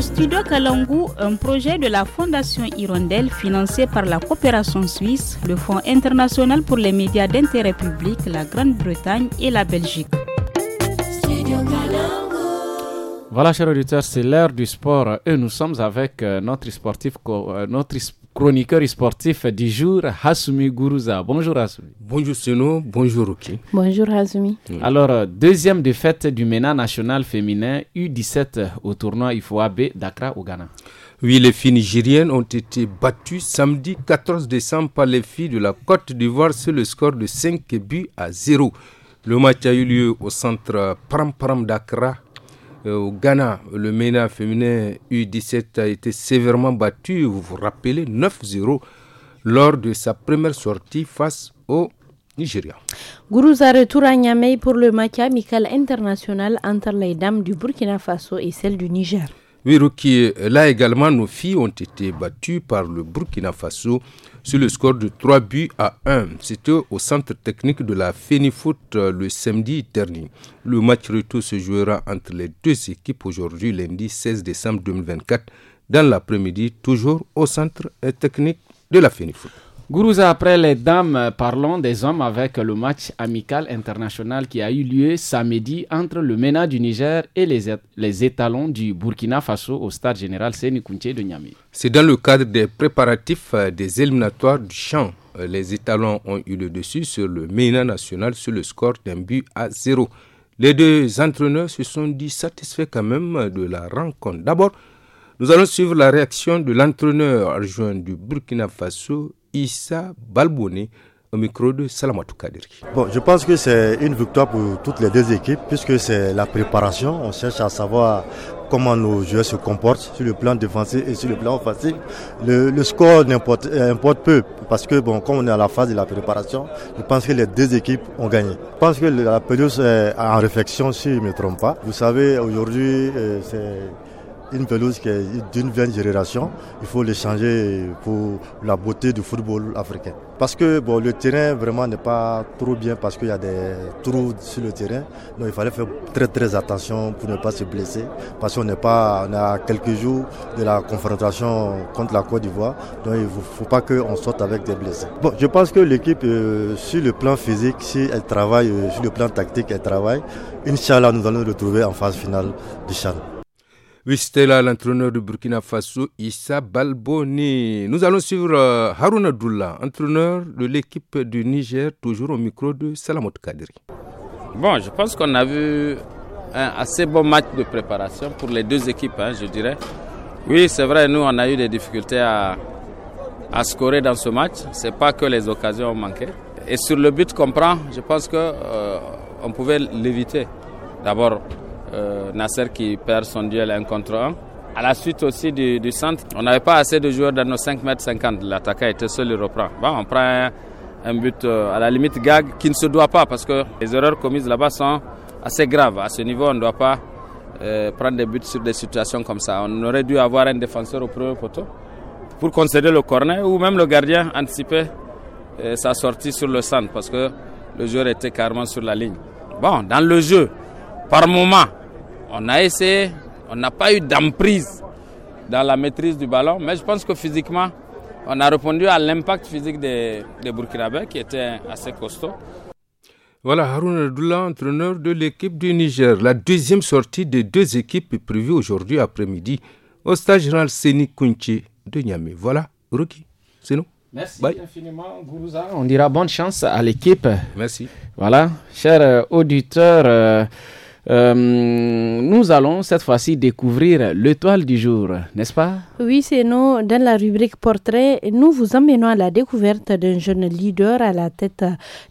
studio Kalangu, un projet de la Fondation Hirondelle financé par la coopération suisse, le Fonds international pour les médias d'intérêt public, la Grande-Bretagne et la Belgique. Voilà, chers auditeurs, c'est l'heure du sport et nous sommes avec euh, notre sportif, euh, notre sportif chroniqueur sportif du jour, Hasumi Gourouza. Bonjour Hasumi. Bonjour Seno, bonjour Ruki. Bonjour Hasumi. Alors, deuxième défaite du MENA national féminin U17 au tournoi IFOAB, d'Akra au Ghana. Oui, les filles nigériennes ont été battues samedi 14 décembre par les filles de la Côte d'Ivoire sur le score de 5 buts à 0. Le match a eu lieu au centre Pram Pram d'Accra euh, au Ghana, le MENA féminin U17 a été sévèrement battu, vous vous rappelez, 9-0 lors de sa première sortie face au Nigeria. Gourouza retour à Niamey pour le match amical international entre les dames du Burkina Faso et celles du Niger. Oui, Ruki, là également, nos filles ont été battues par le Burkina Faso sur le score de 3 buts à 1. C'était au centre technique de la Fenifoot euh, le samedi dernier. Le match retour se jouera entre les deux équipes aujourd'hui, lundi 16 décembre 2024, dans l'après-midi, toujours au centre euh, technique de la Fenifoot. Gourouza, après les dames, euh, parlons des hommes avec le match amical international qui a eu lieu samedi entre le MENA du Niger et les, les étalons du Burkina Faso au stade général séné-kunche de Niamey. C'est dans le cadre des préparatifs euh, des éliminatoires du champ. Euh, les étalons ont eu le dessus sur le MENA national sur le score d'un but à zéro. Les deux entraîneurs se sont dit satisfaits quand même de la rencontre. D'abord, nous allons suivre la réaction de l'entraîneur adjoint du Burkina Faso, Issa Balboni au micro de Salamatou Kadiri. Bon, je pense que c'est une victoire pour toutes les deux équipes puisque c'est la préparation. On cherche à savoir comment nos joueurs se comportent sur le plan défensif et sur le plan offensif. Le, score n'importe importe peu parce que bon, comme on est à la phase de la préparation, je pense que les deux équipes ont gagné. Je pense que la période est en réflexion, si je ne me trompe pas. Vous savez, aujourd'hui, euh, c'est une pelouse qui est d'une vieille génération, il faut changer pour la beauté du football africain. Parce que bon, le terrain vraiment n'est pas trop bien parce qu'il y a des trous sur le terrain. Donc il fallait faire très très attention pour ne pas se blesser. Parce qu'on n'est pas, on a quelques jours de la confrontation contre la Côte d'Ivoire. Donc il ne faut pas qu'on sorte avec des blessés. Bon, je pense que l'équipe, euh, sur le plan physique, si elle travaille, euh, sur le plan tactique, elle travaille. Inch'Allah, nous allons le retrouver en phase finale du Chan. Oui, c'était là l'entraîneur du Burkina Faso, Issa Balboni. Nous allons suivre euh, Harun Doula, entraîneur de l'équipe du Niger, toujours au micro de Salamot Kadri. Bon, je pense qu'on a vu un assez bon match de préparation pour les deux équipes, hein, je dirais. Oui, c'est vrai, nous, on a eu des difficultés à, scorer dans ce match. C'est pas que les occasions ont manqué. Et sur le but qu'on prend, je pense qu'on euh, pouvait l'éviter. D'abord, euh, Nasser qui perd son duel 1 contre 1. À la suite aussi du, centre, on n'avait pas assez de joueurs dans nos 5 m 50. L'attaquant était seul, il reprend. on prend un, but euh, à la limite gag qui ne se doit pas parce que les erreurs commises là-bas sont assez graves. À ce niveau, on ne doit pas euh, prendre des buts sur des situations comme ça. On aurait dû avoir un défenseur au premier poteau pour concéder le corner ou même le gardien anticiper sa sortie sur le centre parce que le joueur était carrément sur la ligne. Bon, dans le jeu, par moment, on a essayé, on n'a pas eu d'emprise dans la maîtrise du ballon, mais je pense que physiquement, on a répondu à l'impact physique des, des qui était assez costaud. Voilà Haroun Erdoula, entraîneur de l'équipe du Niger. La deuxième sortie des deux équipes est prévue aujourd'hui après-midi au stade général Seni Kunchi de Niamey. Voilà, Ruki, c'est nous. Merci infiniment, Gourouza. On dira bonne chance à l'équipe. Merci. Voilà, chers euh, auditeurs. Euh, euh, nous allons cette fois-ci découvrir l'étoile du jour, n'est-ce pas Oui, c'est nous. Dans la rubrique portrait, nous vous emmenons à la découverte d'un jeune leader à la tête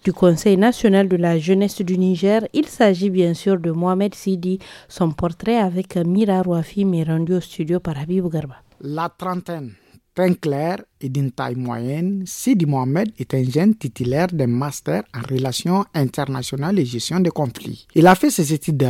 du Conseil national de la jeunesse du Niger. Il s'agit bien sûr de Mohamed Sidi. Son portrait avec Mira Rouafi est rendu au studio par Habib Garba. La trentaine Très clair et d'une taille moyenne, Sidi Mohamed est un jeune titulaire d'un master en relations internationales et gestion des conflits. Il a fait ses études de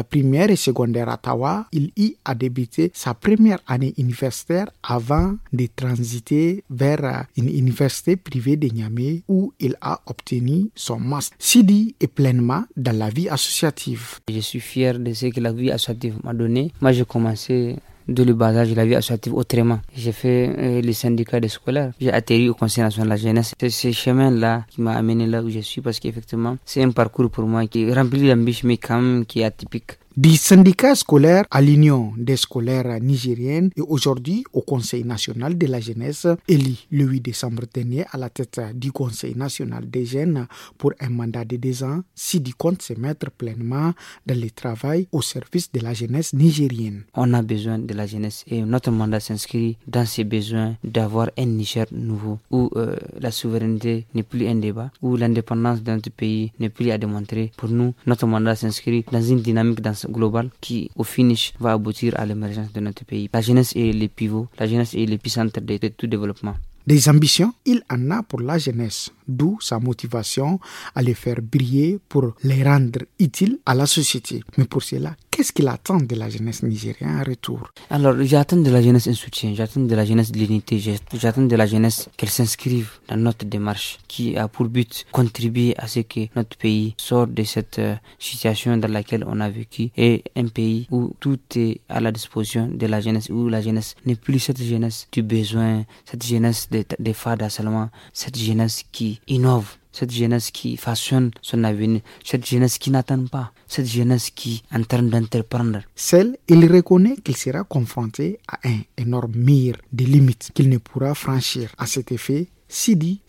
et secondaire à Tawa. Il y a débuté sa première année universitaire avant de transiter vers une université privée de Niamey où il a obtenu son master. Sidi est pleinement dans la vie associative. Je suis fier de ce que la vie associative m'a donné. Moi, j'ai commencé de le basage âge, la vie associative autrement. J'ai fait les euh, le syndicat des scolaires. J'ai atterri au Conseil national de la jeunesse. C'est ce chemin-là qui m'a amené là où je suis parce qu'effectivement, c'est un parcours pour moi qui est rempli d'ambition, mais quand même qui est atypique du syndicat scolaire à l'Union des scolaires nigériennes et aujourd'hui au Conseil national de la jeunesse, élu le 8 décembre dernier à la tête du Conseil national des jeunes pour un mandat de deux ans, si du compte se mettre pleinement dans le travail au service de la jeunesse nigérienne. On a besoin de la jeunesse et notre mandat s'inscrit dans ces besoins d'avoir un Niger nouveau où euh, la souveraineté n'est plus un débat, où l'indépendance d'un pays n'est plus à démontrer. Pour nous, notre mandat s'inscrit dans une dynamique dans global qui, au finish, va aboutir à l'émergence de notre pays. La jeunesse est le pivot, la jeunesse est l'épicentre de tout développement. Des ambitions, il en a pour la jeunesse, d'où sa motivation à les faire briller pour les rendre utiles à la société. Mais pour cela, qu'est-ce qu'il attend de la jeunesse nigérienne en retour Alors, j'attends de la jeunesse un soutien, j'attends de la jeunesse de l'unité, j'attends de la jeunesse qu'elle s'inscrive dans notre démarche qui a pour but contribuer à ce que notre pays sorte de cette euh, situation dans laquelle on a vécu et un pays où tout est à la disposition de la jeunesse, où la jeunesse n'est plus cette jeunesse du besoin, cette jeunesse des, des fadas seulement, cette jeunesse qui innove cette jeunesse qui façonne son avenir, cette jeunesse qui n'attend pas, cette jeunesse qui est en train d'entreprendre. Celle, il reconnaît qu'il sera confronté à un énorme mire de limites qu'il ne pourra franchir. À cet effet, Sidi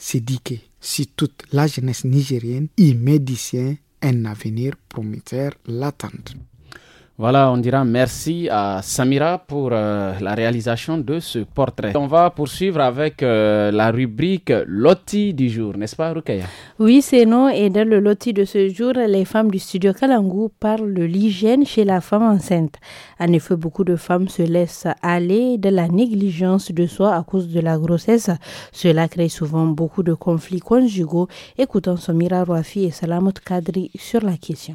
que, si toute la jeunesse nigérienne y met un avenir prometteur l'attente. Voilà, on dira merci à Samira pour euh, la réalisation de ce portrait. On va poursuivre avec euh, la rubrique Loti du jour, n'est-ce pas, Rukaya Oui, c'est non. Et dans le Loti de ce jour, les femmes du studio Kalangu parlent de l'hygiène chez la femme enceinte. En effet, beaucoup de femmes se laissent aller de la négligence de soi à cause de la grossesse. Cela crée souvent beaucoup de conflits conjugaux. Écoutons Samira Rouafi et Salamot Kadri sur la question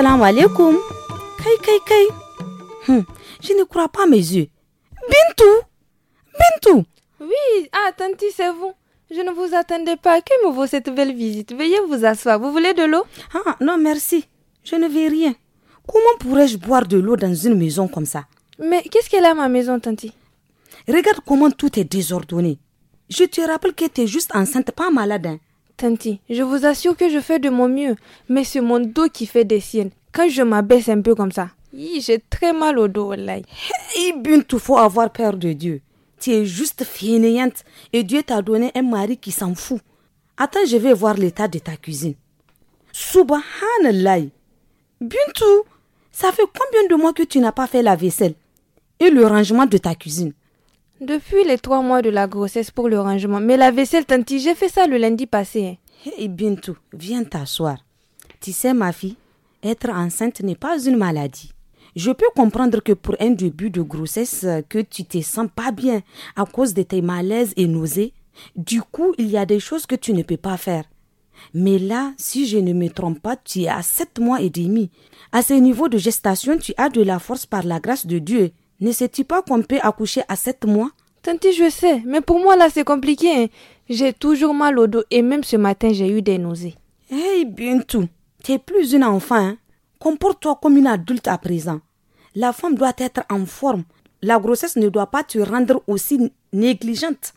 Kai, kai, kai. Hmm, je ne crois pas mes yeux. Bintou Bintou Oui, ah, tanti, c'est vous. Je ne vous attendais pas. Que me vaut cette belle visite Veuillez vous asseoir. Vous voulez de l'eau Ah, non, merci. Je ne vais rien. Comment pourrais-je boire de l'eau dans une maison comme ça Mais qu'est-ce qu'elle a ma maison, Tanti Regarde comment tout est désordonné. Je te rappelle que tu es juste enceinte, pas malade. Hein je vous assure que je fais de mon mieux, mais c'est mon dos qui fait des siennes. Quand je m'abaisse un peu comme ça, j'ai très mal au dos, wallahi. faut avoir peur de Dieu. Tu es juste fainéante et Dieu t'a donné un mari qui s'en fout. Attends, je vais voir l'état de ta cuisine. Subhanallah. Bintou, ça fait combien de mois que tu n'as pas fait la vaisselle et le rangement de ta cuisine depuis les trois mois de la grossesse pour le rangement. Mais la vaisselle, tanti, j'ai fait ça le lundi passé. eh bientôt, viens t'asseoir. Tu sais, ma fille, être enceinte n'est pas une maladie. Je peux comprendre que pour un début de grossesse, euh, que tu te sens pas bien à cause de tes malaises et nausées. Du coup, il y a des choses que tu ne peux pas faire. Mais là, si je ne me trompe pas, tu es à sept mois et demi. À ce niveau de gestation, tu as de la force par la grâce de Dieu. Ne sais-tu pas qu'on peut accoucher à sept mois Tanti, je sais, mais pour moi là c'est compliqué. Hein. J'ai toujours mal au dos et même ce matin j'ai eu des nausées. Eh hey, tout. tu n'es plus une enfant. Hein. Comporte-toi comme une adulte à présent. La femme doit être en forme. La grossesse ne doit pas te rendre aussi négligente.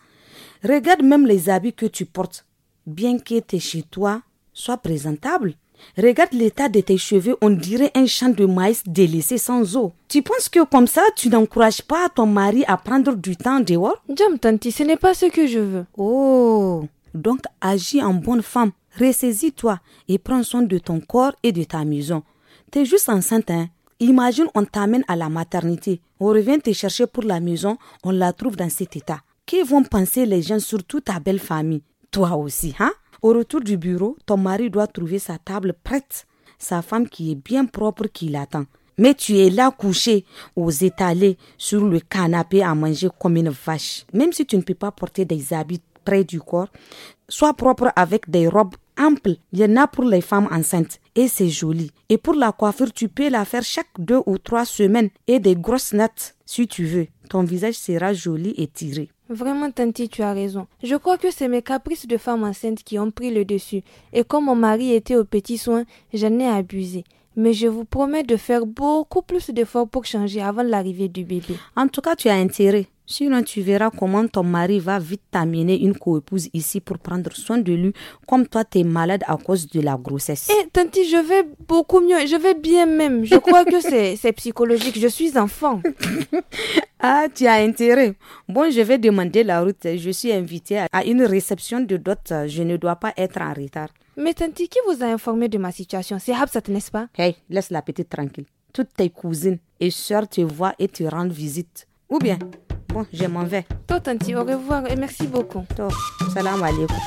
Regarde même les habits que tu portes. Bien que tu chez toi, sois présentable. Regarde l'état de tes cheveux, on dirait un champ de maïs délaissé sans eau. Tu penses que comme ça, tu n'encourages pas ton mari à prendre du temps dehors Jam, tanti, ce n'est pas ce que je veux. Oh, donc agis en bonne femme. Ressaisis-toi et prends soin de ton corps et de ta maison. T'es juste enceinte, hein Imagine, on t'amène à la maternité. On revient te chercher pour la maison, on la trouve dans cet état. Que vont penser les gens, surtout ta belle famille Toi aussi, hein au retour du bureau, ton mari doit trouver sa table prête, sa femme qui est bien propre qui l'attend. Mais tu es là couché aux étalés sur le canapé à manger comme une vache. Même si tu ne peux pas porter des habits près du corps, sois propre avec des robes amples. Il y en a pour les femmes enceintes et c'est joli. Et pour la coiffure, tu peux la faire chaque deux ou trois semaines et des grosses nattes si tu veux. Ton visage sera joli et tiré. Vraiment, Tanti, tu as raison. Je crois que c'est mes caprices de femme enceinte qui ont pris le dessus, et comme mon mari était aux petits soins, j'en ai abusé. Mais je vous promets de faire beaucoup plus d'efforts pour changer avant l'arrivée du bébé. En tout cas, tu as intérêt. Sinon, tu verras comment ton mari va vite t'amener une coépouse ici pour prendre soin de lui, comme toi, tu es malade à cause de la grossesse. Eh, tanti, je vais beaucoup mieux, je vais bien même. Je crois que *laughs* c'est psychologique, je suis enfant. *laughs* ah, tu as intérêt. Bon, je vais demander la route. Je suis invitée à une réception de dot. Je ne dois pas être en retard. Mais tanti, qui vous a informé de ma situation C'est Habsat, n'est-ce pas Hey, laisse la petite tranquille. Toutes tes cousines et sœurs te voient et te rendent visite. Ou bien Bon, je m'en vais. Tanti, au revoir et merci beaucoup. Toi, salam alaikum.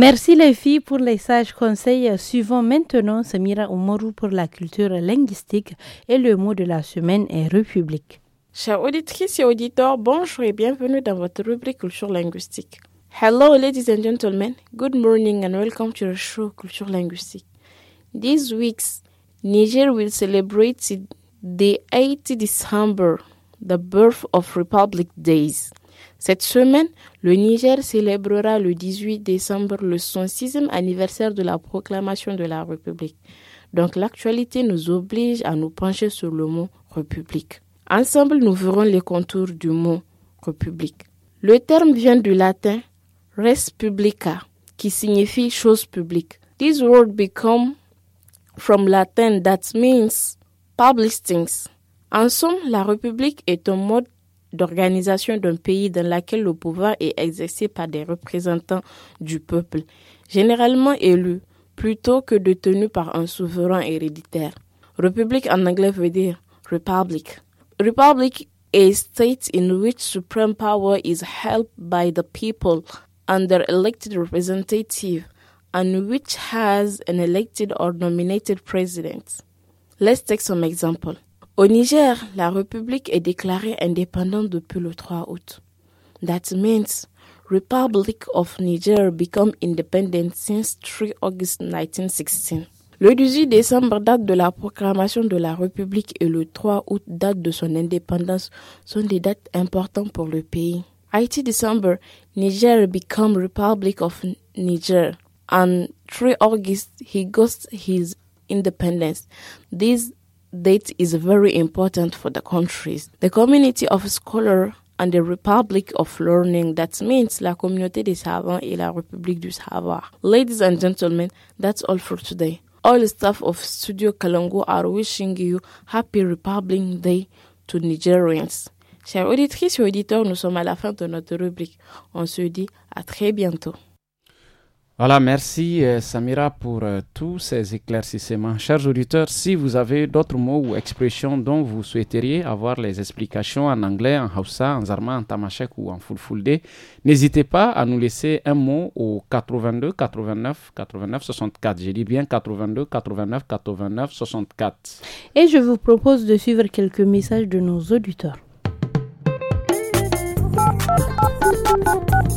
Merci les filles pour les sages conseils. Suivons maintenant Samira Oumarou pour la culture linguistique et le mot de la semaine est République. Chers auditrices et auditeurs, bonjour et bienvenue dans votre rubrique culture linguistique. Hello ladies and gentlemen, good morning and welcome to the show Culture Linguistique. This week, Niger will celebrate the 8th December, the birth of Republic Days. Cette semaine, le Niger célébrera le 18 décembre le 106e anniversaire de la proclamation de la République. Donc l'actualité nous oblige à nous pencher sur le mot République. Ensemble, nous verrons les contours du mot République. Le terme vient du latin res publica, qui signifie chose publique. This word become from Latin that means public things. En somme, la République est un mode d'organisation d'un pays dans lequel le pouvoir est exercé par des représentants du peuple, généralement élus, plutôt que détenus par un souverain héréditaire. République en anglais veut dire republic. Republic a state in which supreme power is held by the people under elected representative, and which has an elected or nominated president. Let's take some example. Au Niger, la République est déclarée indépendante depuis le 3 août. That means Republic of Niger become independent since 3 August 1916. Le 18 décembre, date de la proclamation de la République, et le 3 août, date de son indépendance, sont des dates importantes pour le pays. 18 December, Niger become Republic of Niger, and 3 August, he got his independence. These date is very important for the countries. The community of scholars and the Republic of Learning. That means La Communauté des Savants et la République du Savoir. Ladies and gentlemen, that's all for today. All the staff of Studio Kalongo are wishing you Happy Republic Day to Nigerians. Chers auditrices et auditeurs, nous sommes à la fin de notre rubrique. On se dit à très bientôt. Voilà, merci euh, Samira pour euh, tous ces éclaircissements. Chers auditeurs, si vous avez d'autres mots ou expressions dont vous souhaiteriez avoir les explications en anglais, en Hausa, en Zarma, en Tamashek ou en Fulfulde, n'hésitez pas à nous laisser un mot au 82 89 89 64. J'ai dit bien 82 89 89 64. Et je vous propose de suivre quelques messages de nos auditeurs.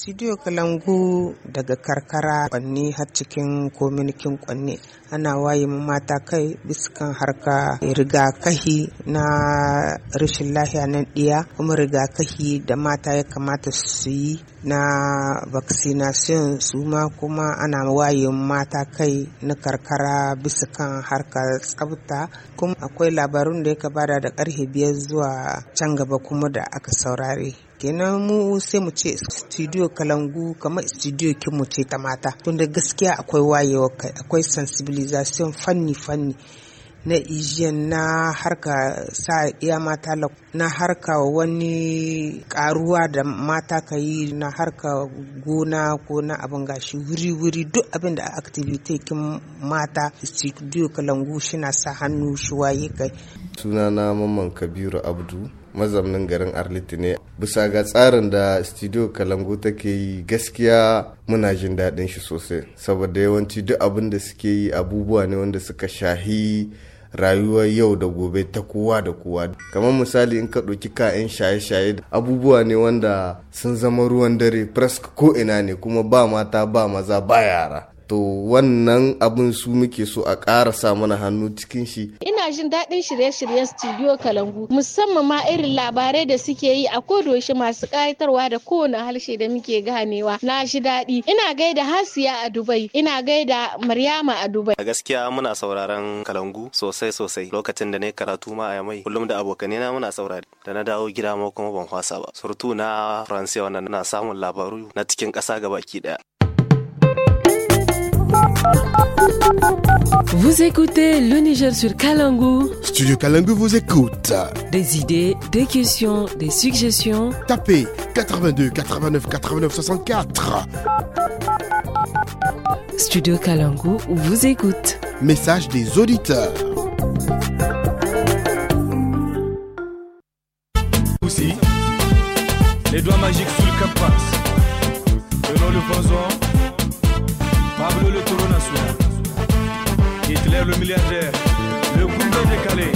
Studio Kalangu daga karkara kwanne har cikin kominikin kwanne ana waye mata kai biskan harka rigakahi na rashin lahiya na ɗiya kuma rigakahi da mata ya kamata su yi na vaccination su ma kuma ana waye mata kai na karkara bisa kan harka tsabta kuma akwai labarun da ya bada da karhe biyar zuwa can gaba kuma da aka saurare. kenan mu sai mu ce studio kalangu kamar studio mu ce ta mata tunda gaskiya akwai wayewa kai akwai sensibilization fanni fanni na ijiyan na harka sa iya mata na harka wani karuwa da mata ka yi na harka gona ko na abin gashi wuri-wuri duk abin da activity kin mata studio kalangu shi na sa hannu shi waye kai sunana mamman kabiru abdu mazaunin garin arliti ne bisa ga tsarin da studio kalangu take yi gaskiya muna jin daɗin shi sosai saboda yawanci duk abin da suke yi abubuwa ne wanda suka shahi rayuwar yau da gobe ta kowa da kowa kamar misali in ka ɗauki kayan shaye-shaye abubuwa ne wanda sun zama ruwan dare ko ina ne kuma ba mata ba maza ba yara to wannan abin su muke so a ƙara sa mana hannu cikin shi ina jin daɗin shirye-shiryen studio kalangu musamman ma irin labarai da suke yi a kodoshi masu ƙayatarwa da kowane harshe da muke ganewa na shi daɗi ina gaida hasiya a dubai ina gaida maryama a dubai a gaskiya muna sauraron kalangu sosai sosai lokacin da na yi karatu ma a yamai kullum da abokanai na muna saurari da na dawo gida ma kuma ban kwasa ba surtu na faransiya wannan na samun labaru na cikin ƙasa gabaki ɗaya Vous écoutez le Niger sur Kalangou. Studio Kalangou vous écoute. Des idées, des questions, des suggestions. Tapez 82 89 89 64. Studio Kalangou vous écoute. Message des auditeurs. Aussi, les doigts magiques sur le capas. le besoin le milliardaire, le boulot décalé.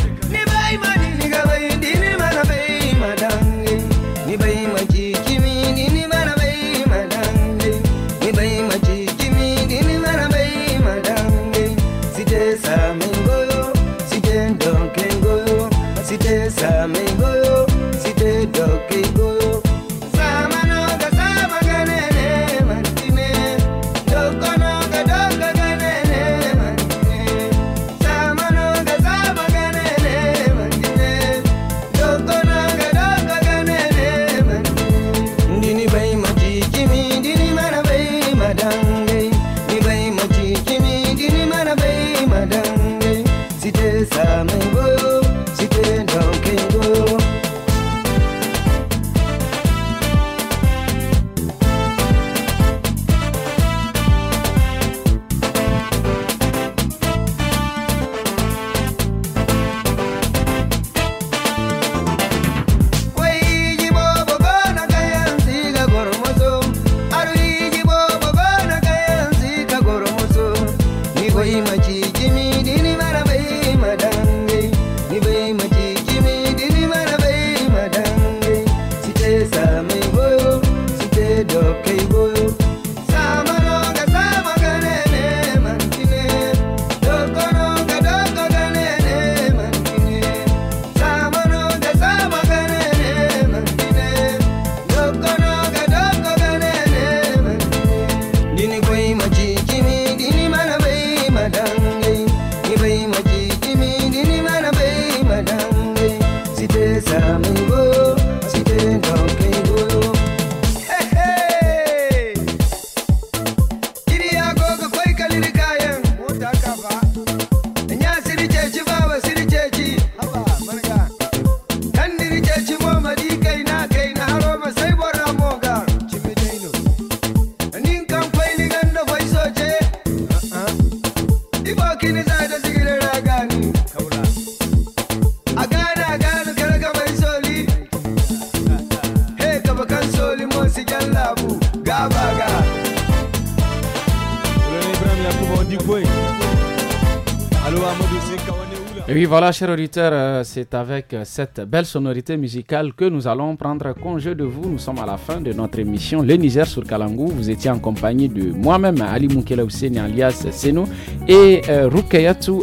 voilà, chers auditeurs, euh, c'est avec euh, cette belle sonorité musicale que nous allons prendre congé de vous. Nous sommes à la fin de notre émission Le Niger sur Kalangou. Vous étiez en compagnie de moi-même, Ali Moukela alias Seno, et euh,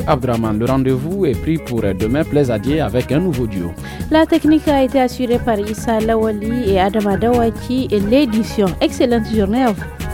Abdraman. Le rendez-vous est pris pour euh, demain, plaisadier, avec un nouveau duo. La technique a été assurée par Issa Lawali et Adama Dawaki et l'édition. Excellente journée à